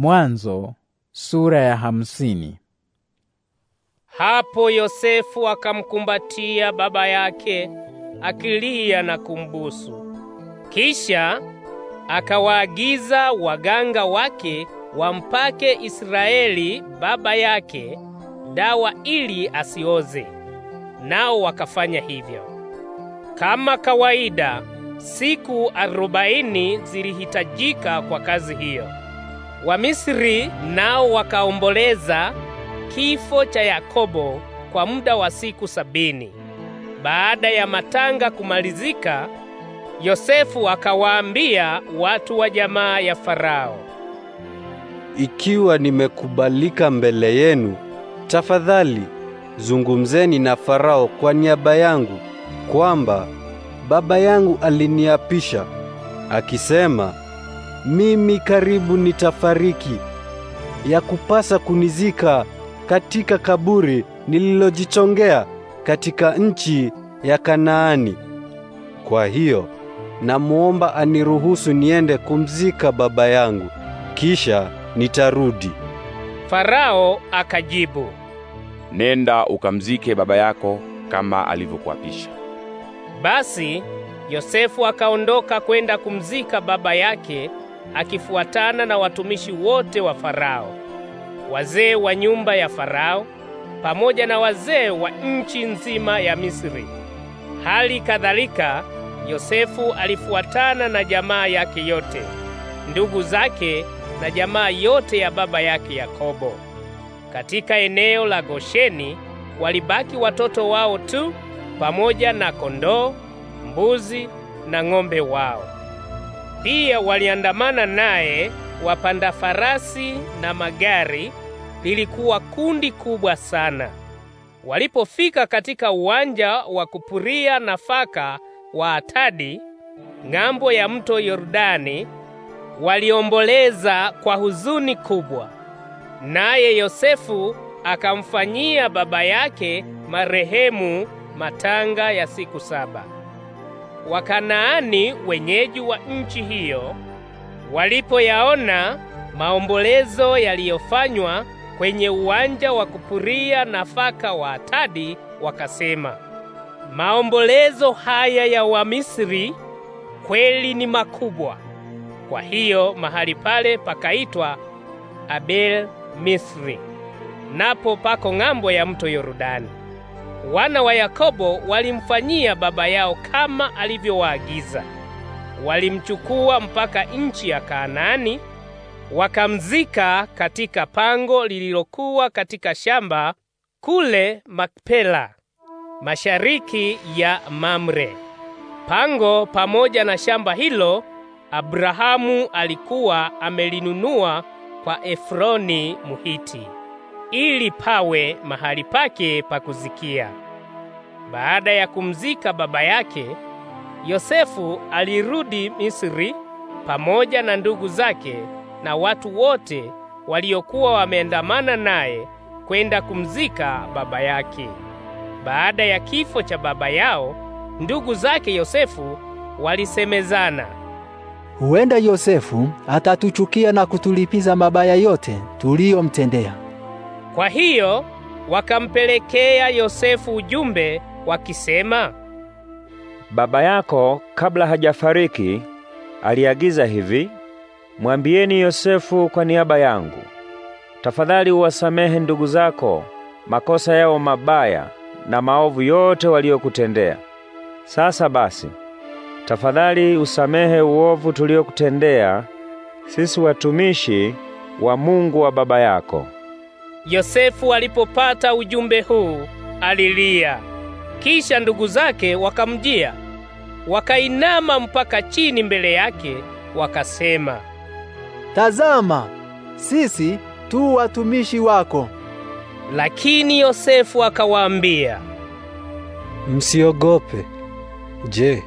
Mwanzo sura ya hamsini. Hapo Yosefu akamkumbatia baba yake akilia na kumbusu. Kisha akawaagiza waganga wake wampake Israeli baba yake dawa ili asioze. Nao wakafanya hivyo. Kama kawaida, siku arobaini zilihitajika kwa kazi hiyo. Wamisri nao wakaomboleza kifo cha Yakobo kwa muda wa siku sabini. Baada ya matanga kumalizika, Yosefu akawaambia watu wa jamaa ya Farao, ikiwa nimekubalika mbele yenu, tafadhali zungumzeni na Farao kwa niaba yangu kwamba baba yangu aliniapisha akisema mimi karibu nitafariki, ya kupasa kunizika katika kaburi nililojichongea katika nchi ya Kanaani. Kwa hiyo namuomba aniruhusu niende kumzika baba yangu, kisha nitarudi. Farao akajibu, nenda ukamzike baba yako kama alivyokuapisha. Basi Yosefu akaondoka kwenda kumzika baba yake akifuatana na watumishi wote wa Farao, wazee wa nyumba ya Farao pamoja na wazee wa nchi nzima ya Misri. Hali kadhalika Yosefu alifuatana na jamaa yake yote, ndugu zake na jamaa yote ya baba yake Yakobo. Katika eneo la Gosheni walibaki watoto wao tu pamoja na kondoo, mbuzi na ng'ombe wao. Pia waliandamana naye wapanda farasi na magari, lilikuwa kundi kubwa sana. Walipofika katika uwanja wa kupuria nafaka wa Atadi ng'ambo ya mto Yordani, waliomboleza kwa huzuni kubwa. Naye Yosefu akamfanyia baba yake marehemu matanga ya siku saba. Wakanaani wenyeji wa nchi hiyo walipoyaona maombolezo yaliyofanywa kwenye uwanja wa kupuria nafaka wa Atadi, wakasema, maombolezo haya ya Wamisri kweli ni makubwa. Kwa hiyo mahali pale pakaitwa Abel Misri, napo pako ng'ambo ya mto Yorodani wana wa Yakobo walimfanyia baba yao kama alivyowaagiza. Walimchukua mpaka nchi ya Kanaani, wakamzika katika pango lililokuwa katika shamba kule Makpela, mashariki ya Mamre. Pango pamoja na shamba hilo Abrahamu alikuwa amelinunua kwa Efroni Muhiti ili pawe mahali pake pa kuzikia. Baada ya kumzika baba yake, Yosefu alirudi Misri pamoja na ndugu zake na watu wote waliokuwa wameandamana naye kwenda kumzika baba yake. Baada ya kifo cha baba yao, ndugu zake Yosefu walisemezana, huenda Yosefu atatuchukia na kutulipiza mabaya yote tuliyomtendea. Kwa hiyo wakampelekea Yosefu ujumbe wakisema, baba yako kabla hajafariki aliagiza hivi, mwambieni Yosefu kwa niaba yangu, tafadhali uwasamehe ndugu zako makosa yao mabaya na maovu yote waliokutendea. Sasa basi, tafadhali usamehe uovu tuliokutendea sisi watumishi wa Mungu wa baba yako. Yosefu alipopata ujumbe huu alilia. Kisha ndugu zake wakamjia, wakainama mpaka chini mbele yake, wakasema, tazama, sisi tu watumishi wako. Lakini Yosefu akawaambia, msiogope. Je,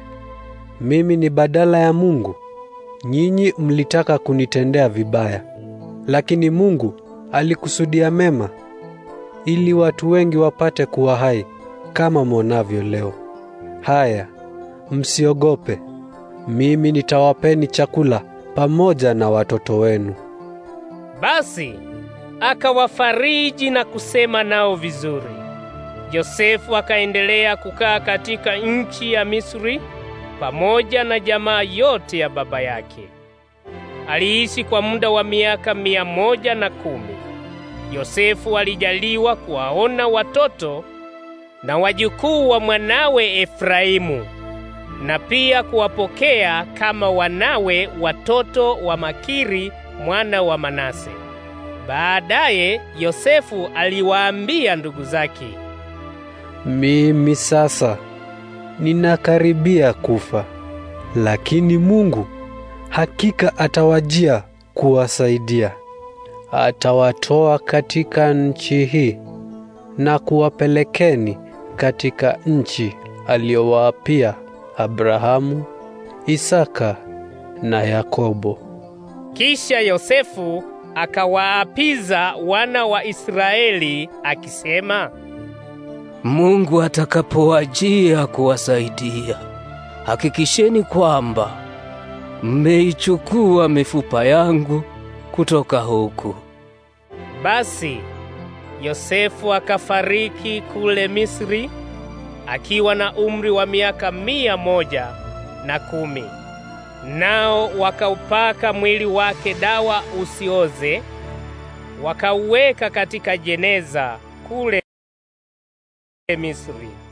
mimi ni badala ya Mungu? Nyinyi mlitaka kunitendea vibaya, lakini Mungu alikusudia mema ili watu wengi wapate kuwa hai kama mwonavyo leo. Haya, msiogope, mimi nitawapeni chakula pamoja na watoto wenu. Basi akawafariji na kusema nao vizuri. Yosefu akaendelea kukaa katika nchi ya Misri pamoja na jamaa yote ya baba yake. Aliishi kwa muda wa miaka mia moja na kumi. Yosefu alijaliwa kuwaona watoto na wajukuu wa mwanawe Efraimu na pia kuwapokea kama wanawe watoto wa Makiri mwana wa Manase. Baadaye Yosefu aliwaambia ndugu zake, mimi sasa ninakaribia kufa, lakini Mungu hakika atawajia kuwasaidia atawatoa katika nchi hii na kuwapelekeni katika nchi aliyowaapia Abrahamu, Isaka na Yakobo. Kisha Yosefu akawaapiza wana wa Israeli akisema, Mungu atakapowajia kuwasaidia, hakikisheni kwamba mmeichukua mifupa yangu kutoka huku. Basi Yosefu akafariki kule Misri akiwa na umri wa miaka mia moja na kumi. Nao wakaupaka mwili wake dawa usioze, wakauweka katika jeneza kule Misri.